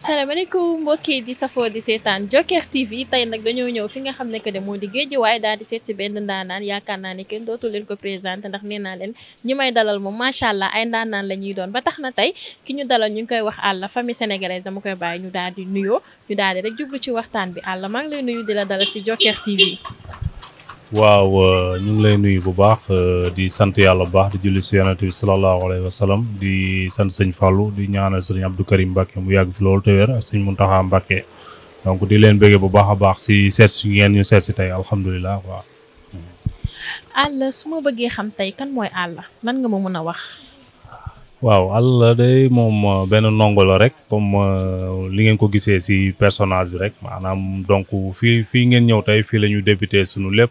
salaamaaleykum mbokki di safoo di seetaan Joker TV tey nag dañoo ñëw fi nga xam ne que de moo di Guédiawaye daal di seet si benn ndaanaan yaakaar naa ne kenn dootu leen ko présenté ndax nee naa leen ñi may dalal moom macha allah ay ndaanaan lañuy doon ba tax na tey ki ñu dalal ñu ngi koy wax Alla famille sénégalaise dama koy bàyyi ñu daal di nuyoo ñu daal di rek jublu ci waxtaan bi àlla maa ngi lay nuyu di la dalal si Joker TV. waaw euh, ñu ngi lay nuyu bu baax euh, di sant yàlla bu baax di julli si yonente bi salallahu alayhi wa di sant sëñ Fallou di ñaanal sëñ Abdou Karim Mbacke mu yàgg fi loolu te wér ak sëñ Muntaxa Mbacke donc di leen bëggee bu baax a baax si seet si ngeen ñu seet si tey alhamdulilah waaw. àll su ma bëggee xam tey kan mooy àll nan nga ma mën a wax. waaw àll day moom euh, benn ndongo la rek comme li ngeen ko gisee si personnage bi rek maanaam donc fii fii ngeen ñëw tey fii la ñu débuté sunu lépp.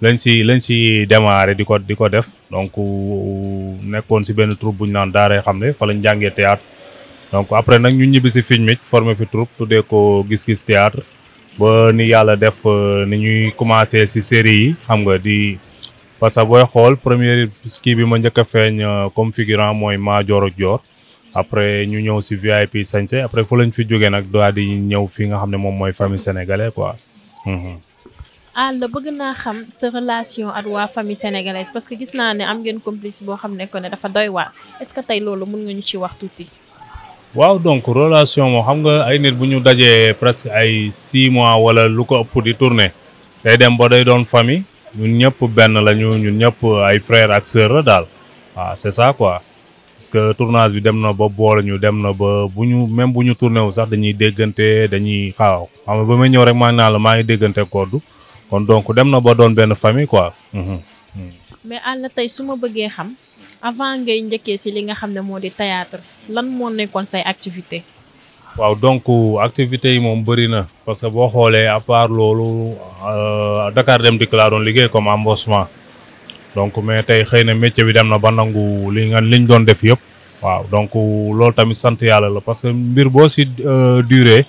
lañ si lañ si démarré di ko di ko def donc nekkoon si benn troupe bu ñu naan daaree xam ne fa lañ jàngee théâtre donc après nag ñu ñibbi si fiñ mi formé fi troupe dee ko gis-gis théâtre ba ni yàlla def euh, ni ñuy commencé si série yi xam nga di parce que booy xool première kii bi ma njëkk a feeñ euh, comme figurant mooy Madior ak Dior après ñu ñëw si VIP sañse après fu lañ fi jógee nag daal di ñëw fi nga xam ne moom mooy famille sénégalais quoi. Mhm. Alla bëgg naa xam sa relation ak waa famille sénégalaise parce que gis naa ne am ngeen complice boo xam ne ko ne dafa doy waar est-ce que tey loolu mun nga ñu ci wax tuuti. waaw donc relation moo xam nga ay nit bu ñu dajee presque ay six mois wala lu ko ëpp di tourner day dem ba day doon famille ñun ñëpp benn lañu ñu ñëpp ay frère ak sœur la daal waaw c'est ça quoi. parce que tournage bi dem na ba boole ñu dem na ba bu ñu même bu ñu tourné wu sax dañuy déggante dañuy xaaw xam nga ba ñëw rek maa ngi la maa ngi déggante Codou kon donc dem na ba doon benn famille quoi. Mhm. mais àll tey su ma bëggee xam avant ngay njëkkee si li nga xam ne moo di théâtre lan moo nekkoon say activité waaw donc activité yi moom bëri na parce que boo xoolee à part loolu euh, Dakar dem dikk laa doon liggéey comme embossement donc mais tey xëy na métier bi dem na ba nangu li nga liñ doon def yëpp waaw donc loolu tamit sant yàlla la parce que mbir boo si euh, durée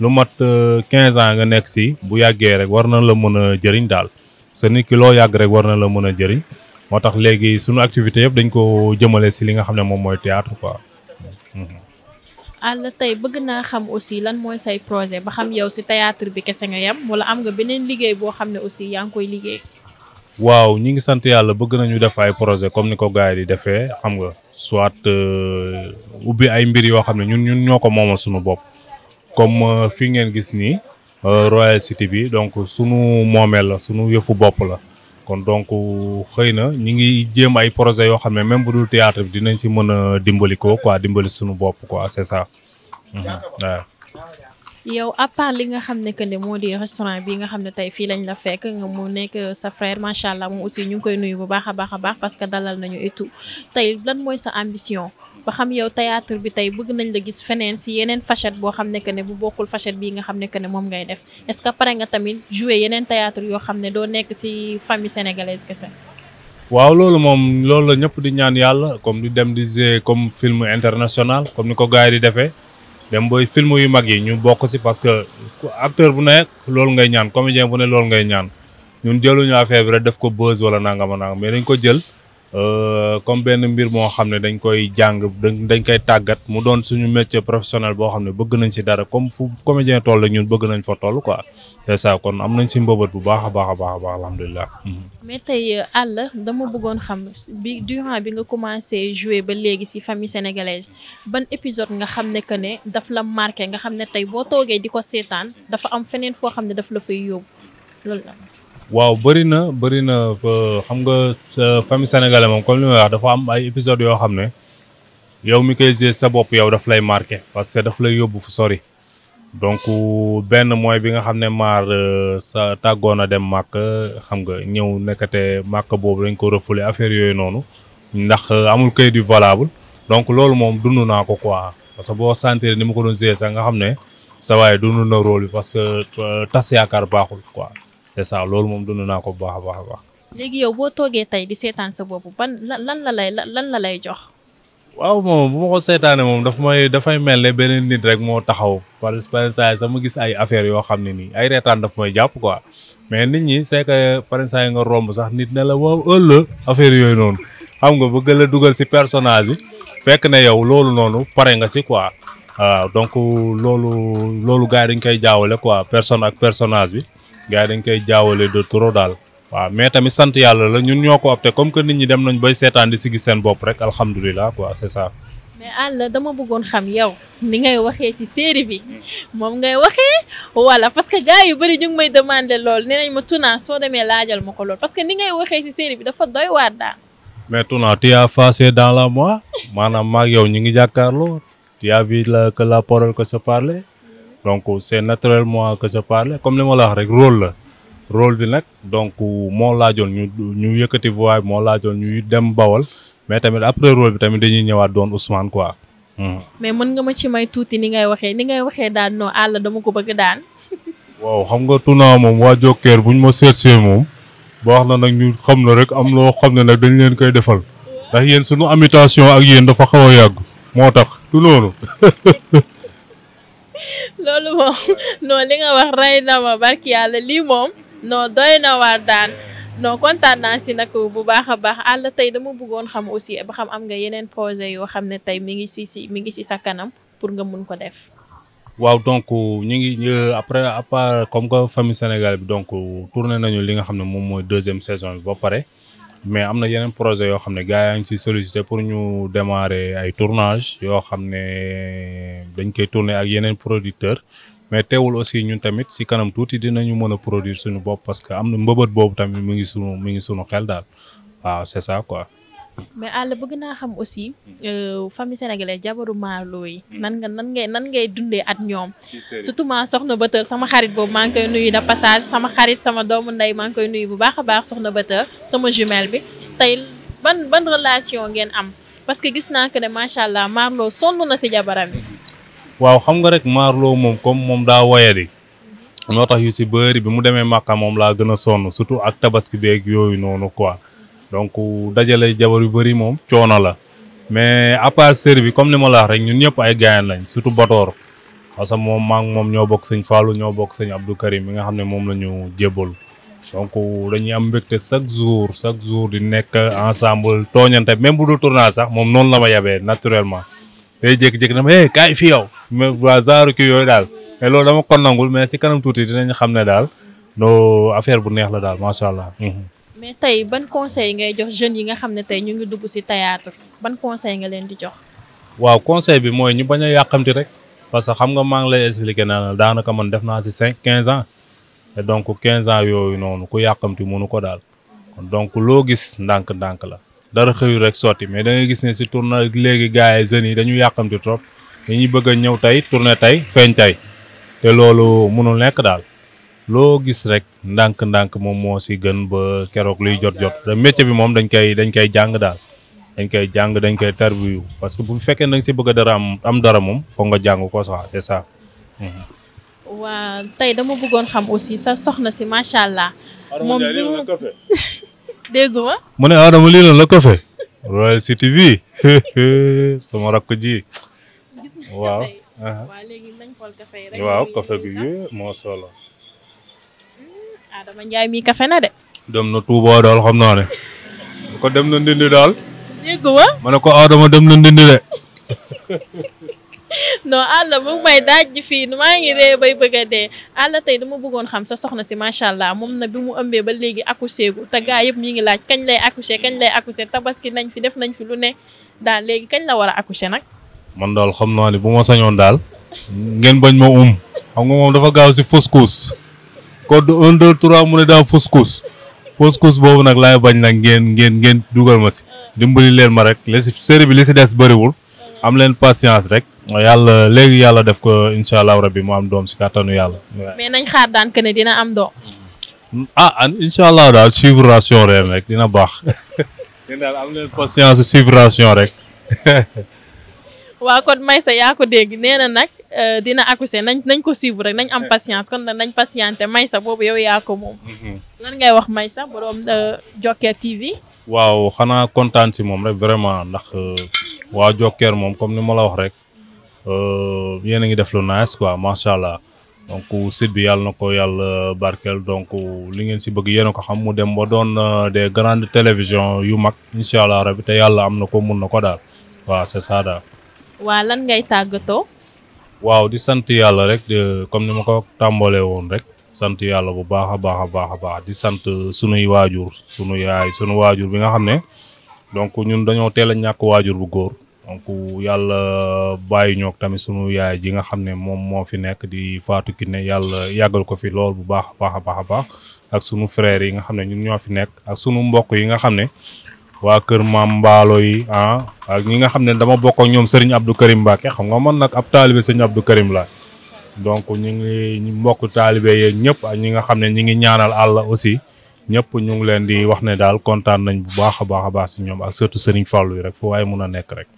lu mat euh, quinze ans nga nekk si bu yàggee rek war na la mën a jëriñ daal sa nit ki yàgg rek war na la mën a jëriñ moo tax léegi sunu activité yëpp dañ ko jëmale si li nga xam ne moom mooy théâtre quoi. Mm-hmm. àll tey bëgg naa xam aussi lan mooy say projet ba xam yow si théâtre bi kese nga yem wala am nga beneen liggéey boo xam ne aussi yaa ngi koy liggéey. waaw ñi ngi sant yàlla bëgg ñu def ay projet comme ni ko gars yi di defee xam nga soit euh, ubbi ay mbir yoo xam ne ñun ñun ñoo ko moomal suñu bopp. comme euh, fi ngeen gis nii euh, Royal City bi donc sunu moomeel la sunu yëfu bopp la kon donc xëy na ñu ngi jéem ay projet yoo xam ne même bu dul théâtre bi dinañ si mën a dimbali ko quoi dimbali sunu bopp quoi c'est mhm, yow à part li nga xam ne que ne moo di restaurant bi nga xam ne tey fii lañ la fekk nga mu nekk sa frère macha allah moom aussi ñu ngi koy nuyu bu baax a baax a baax parce que dalal nañu et tey lan mooy sa ambition. ba xam yow théâtre bi tey bëgg nañ la gis feneen si yeneen fachette boo xam ne que ne bu bokkul fachette bi nga xam ne que ne moom ngay def est ce que pare nga tamit jouer yeneen théâtre yoo xam ne doo nekk si famille sénégalaise kese waaw loolu moom loolu la ñëpp di ñaan yàlla comme di dem di jouer comme film international comme ni ko gars yi di defee dem boy film yu mag yi ñu bokk si parce que acteur bu nekk loolu ngay ñaan comédien bu ne loolu ngay ñaan ñun jëluñu affaire bi rek def ko buzz wala nangam nangam mais dañ ko jël Euh, comme benn mbir moo xam ne dañ koy jàng dañ koy tàggat mu doon suñu métier professionnel boo xam ne bëgg nañ si dara comme fu comédien toll ñun bëgg nañ fa toll quoi c'est kon am nañ si mbëbët bu baax a baax a baax a baax alhamdulilah. Mhm. mais tey àll dama bëggoon xam bi durant bi nga commencé jouer ba léegi si famille sénégalaise ban épisode nga xam ne que ne daf la marqué nga xam ne tey boo toogee di ko seetaan dafa am feneen foo xam ne daf la fay yóbbu loolu la. waaw bëri na bëri na xam nga famille sénégalais moom comme li wax dafa am ay épisodes yoo xam ne yow mi koy gis sa bopp yow daf lay marqué parce que daf lay yóbbu fu sori donc benn mooy bi nga xam ne maar euh, sa tàggoon a dem màkk xam nga ñëw nekkate màkk boobu dañ ko refoulé affaire yooyu noonu ndax euh, amul kayit di valable donc loolu moom dund naa ko quoi parce que boo sentir ni ma ko doon gisee sax nga xam ne sa waaye dund na rôle bi parce que euh, tas yaakaar baaxul quoi. c'est ça loolu moom dund naa ko bu baax a yow boo toogee tey seetaan sa bopp ban lan la lay lan la lay jox. waaw moom bu moom daf may dafay mel ne beneen nit rek moo taxaw par exemple saa sama gis ay affaires yoo xam ne nii ay reetaan daf may jàpp mais nit ñi c'est par exemple nga romb sax nit ne la waaw ëllëg affaire yooyu noonu xam nga bëgg la dugal ci personnage bi fekk ne yow loolu noonu pare nga ci quoi waaw donc loolu loolu gars yi dañ koy jaawale quoi personne ak personnage bi. gars yi dañ koy jaawale de trop daal waaw mais tamit sant yàlla la ñun ñoo ko opté comme que nit ñi dem nañ bay seetaan di si gis seen bopp rek alhamdulilah quoi c'est ça. mais Alla dama bëggoon xam yow ni ngay waxee ci série bi moom ngay waxee walla parce que gars yu bari ñu may demander lool nee nañ ma Tuna soo demee laajal ma ko lool parce que ni ngay waxee ci série bi dafa doy waar daal. mais Tuna tu as passé dans la moi maanaam maag yow ñu ngi jàkkaarloo tu as vu la donc c'est naturellement que je parle comme li ma la wax rek rôle la rôle bi nag donc moo laajoon ñu ñu yëkkati voix moo laajoon ñuy dem bawal mais tamit après rôle bi tamit dañuy ñëwaat doon Ousmane quoi. Hmm. mais mën nga ma ci may tuuti ni ngay waxee ni ngay waxee daan noo àll dama ko bëgg daan. waaw xam nga Tuna moom waa Jokkeer bu ñu ma seet see moom baax na nag ñu xam na rek am loo xam ne nag dañu leen koy defal ndax yéen sunu invitation ak yéen dafa xaw a yàgg moo tax du noonu. loolu moom non li nga wax rey na ma barki yàlla lii moom non doy na waar daan non kontaan naa si nag bu baax a baax àll tey dama bëggoon xam aussi ba xam am nga yeneen projet yoo xam ne tey mi ngi si si mi ngi si sa kanam pour nga mun ko def. waaw donc ñu ngi après à part comme que famille Sénégal bi donc tourné nañu li nga xam ne moom mooy deuxième saison bi ba pare. mais am na yeneen projet yo xam ne gars yaa ngi ci sollicité pour ñu démarrer ay tournage yoo xam ne dañ koy tourner ak yeneen producteur mais tewul aussi ñun tamit si kanam tuuti dinañu mën a produire suñu bopp parce que am na mbëbët boobu tamit mi ngi suñu mu ngi sunu xel daal waaw c'est ça quoi mais àll bëgg naa xam aussi hmm. euh, famille sénégalaise jabaru Marlo yi hmm. nan nga nan ngay nan ngay dundee at ñoom surtout soxna Bëtër sama xarit boobu maa ngi koy nuyu da passage sama xarit sama doomu ndey maa ngi koy nuyu bu baax a baax soxna Bëtër sama jumelle bi tey ban ban relation ngeen am parce que gis naa que ne macha allah Marlo sonn na si jabaram bi waaw xam nga rek Marlo moom comme moom daa woyadi hmm. moo tax yu si bëri bi mu demee Màkka moom laa gën a sonn surtout ak tabaski beeg donc dajale jabar yu bëri moom coono la mais à part série bi comme ni ma la wax rek ñun ñëpp ay gaayan lañ surtout Batoor parce que moom maa ngi moom ñoo bokk sëñ Fallou ñoo bokk sëñ Abdou Karim mi nga xam ne moom la ñu jébbal donc dañuy am mbégte chaque jour chaque jour di nekk ensemble tooñante même bu dul tournage sax moom noonu la ma yabee naturellement day jékki-jékki dama eh kaay fii yow mais waa zaaru kii yooyu daal te loolu dama kon nangul mais si kanam tuuti dinañ xam ne daal no affaire bu neex la daal macha allah. mais tey ban conseil ngay jox jeunes yi nga xam ne tey ñu ngi dugg ci théâtre ban conseil nga leen di jox. waaw conseil bi mooy ñu bañ a yàqamti rek parce que xam nga maa ngi lay expliquer na daanaka man def naa ci cinq quinze ans et donc quinze ans yooyu noonu ku yàqamti mënu ko daal donc loo gis ndànk-ndànk la dara xëyul rek sotti mais dangay gis ne ci tournée léegi gars yi jeunes yi dañu yàqamti trop dañuy bëgg a ñëw tey tourner tey feeñ tey te loolu mënul nekk daal. lo gis rek ndank ndank mom mo ci gën ba kérok luy jot jot da métier bi mom dañ koy dañ koy jang dal dañ koy jang dañ koy tarbiyu parce que bu fekkee nang ci bëgg dara am am dara mom fo nga jang ko sax c'est ça mhm. wa tay dama bëggon xam aussi sa soxna ci machallah mom bi mu déggu ma la ko royal city bi sama rakk ji waaw waaw léegi nañ xool café rek waaw café bi mo solo Adama Ndiaye mi kafe na de. dem na Touba daal xam naa ne. ko dem na ndindi daal. dégg nga. ma ne ko Adama dem na ndindi de. non àll mu may daaj fii maa ngi dee bay bëgg de àll tey dama bëggoon xam sa soxna si macha allah moom na bi mu ëmbee ba léegi accouché gu te gaa yëpp ñu ngi laaj kañ lay accouché kañ lay accouché tabaski nañ fi def nañ fi lu nekk daal léegi kañ la war a accouché nag. man daal xam naa ne bu ma sañoon daal. ngeen bañ ma um xam nga moom code un deux mune mu fuskus fuskus bo nak lay bañ nak ngeen ngeen ngeen dugal ma ci dimbali len ma rek les si série bi les dess des wul am len patience rek yalla legui yalla def ko inshallah rabbi mu am dom ci katanu yalla mais nañ xaar daan ke ne dina am do ah an inshallah da suivration reen rek dina bax ngeen dal am len patience suivration rek. kon sa ya ko deg neena nak Euh, dina accoucher nañ nañ ko suivre rek nañ am eh. patience kon nag nañ patienté Maysa boobu yow yaa ko moom. Mhm. lan ngay wax Maysa borom euh, Joker TV. waaw xanaa kontaan si moom rek vraiment ndax euh, waa Joker moom comme ni ma la wax rek yéen a ngi def lu nice quoi macha allah donc site bi yàlla na ko yàlla barkeel donc li ngeen si bëgg yéen a ko xam mu dem ba doon des grandes télévisions yu mag incha allah rabi te yàlla am na ko mun na ko daal waaw c'est ça daal. lan ngay tàggatoo. waaw di sant yàlla rek comme ni ma ko tàmbalee woon rek sant yàlla bu baax a baax a baax a baax di sant sunuy waajur sunu yaay sunu waajur bi nga xam ne donc ñun dañoo teel a ñàkk waajur bu góor donc yàlla bàyyi ñoog tamit sunu yaay ji nga xam ne moom moo fi nekk di faatu ki ne yàlla yàggal ko fi lool bu baax a baax a baax a baax ak sunu frères yi nga xam ne ñun ñoo fi nekk ak sunu mbokk yi nga xam ne waa mam mambaalo yi ah ak ñi nga xamne dama bokk ñom serigne abdou karim mbàkke xam nga man nak ab talibé serigne abdou karim la donc ñi ngi mbokk talibé yeeg ñëpp ak ñi nga xamne ñi ngi ñaanal àlla aussi ñëpp ñu ngi leen di wax ne dal contane nañ bu baaxa a baax ci ñom ak surtout serigne rek fo waaye mëna nekk rek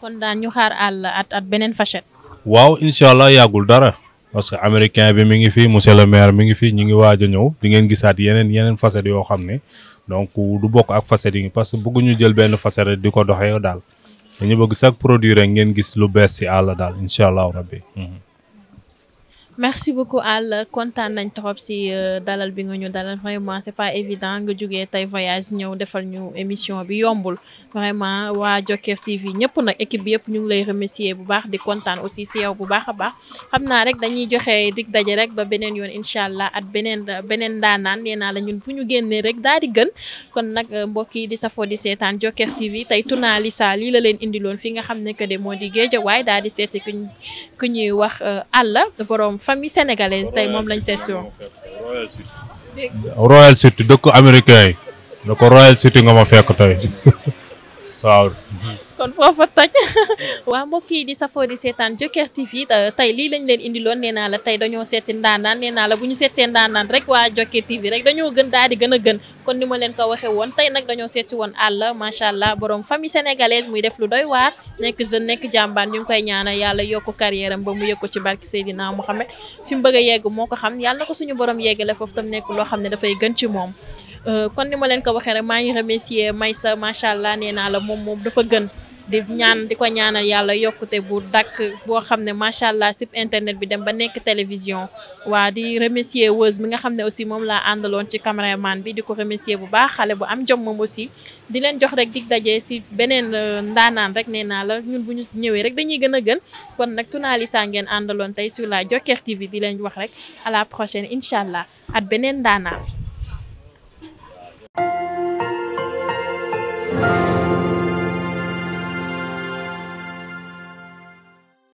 kon daan ñu xaar at at benen fachette waaw inshallah allah dara parce que américain bi mi ngi fi monsieur le maire mi ngi fi ñi ngi waja ñew di ngeen gisat yenen yenen fachette yo xamne donc du bokk ak facette parce que bëgguñu jël benn facette rek di ko doxee daal dañu bëgg chaque produit ngeen gis lu bees ci àll daal incha allahu rabbi mhm. merci beaucoup Al kontaan nañ trop si euh, dalal bi nga ñu dalal vraiment c'est pas évident nga jógee tey voyage ñëw defal ñu émission bi yombul vraiment waa Joker TV ñëpp nag équipe bi yëpp ñu ngi lay remercier bu baax di kontaan aussi si yow bu baax a baax xam naa rek dañuy joxe dig daje rek ba beneen yoon incha allah at beneen beneen daanaan nee la ñun bu ñu génnee rek daal di gën kon nag euh, mbokk yi di safoo di seetaan Joker TV tey Tuna Lisa lii la leen indiloon fi nga xam ne que moo di géej waaye daal di seet si ku ñuy wax euh, Al famille sénégalaise tey moom lañu seet si woon. Royal City dëkk américain yi. da ko Royal City nga ma fekk tey. waaw. Mhm. kon foofa toj waa mbokk yi di safoo di seetaan Joker TV tey lii lañ leen indiloon nee naa la tey dañoo seet si ndaanaan nee naa la bu ñu seet ndaanaan rek waa Joker TV rek dañoo gën daal di gën a gën kon ni ma leen ko waxee woon tey nag dañoo seet si woon àlla borom famille sénégalaise muy def lu doy waar nekk nekk jàmbaar ñu ngi koy ñaanal yàlla yokku carrière ba mu yokku ci barki Seydina Mohamed fi mu bëgg yegg moo ko xam yàlla ko suñu borom yeggale foofu tam nekk loo xam ne dafay gën ci moom euh, kon ni ma leen ko waxee rek maa ngi remercier Maysa macha allah nee naa la moom moom dafa gën di ñaan di ko ñaanal yàlla yokkute bu dakk boo xam ne macha allah site internet bi dem ba nekk télévision waa di remercier Weuz bi nga xam ne aussi moom laa àndaloon ci cameraman bi di ko remercier bu baax xale bu am jom moom aussi di leen jox rek di daje si beneen euh, ndaanaan rek nee naa la ñun bu ñu ñëwee rek dañuy gën a gën kon nag tunaali saa ngeen àndaloon tey sur la Joker TV di leen wax rek à la prochaine incha allah at beneen ndaanaan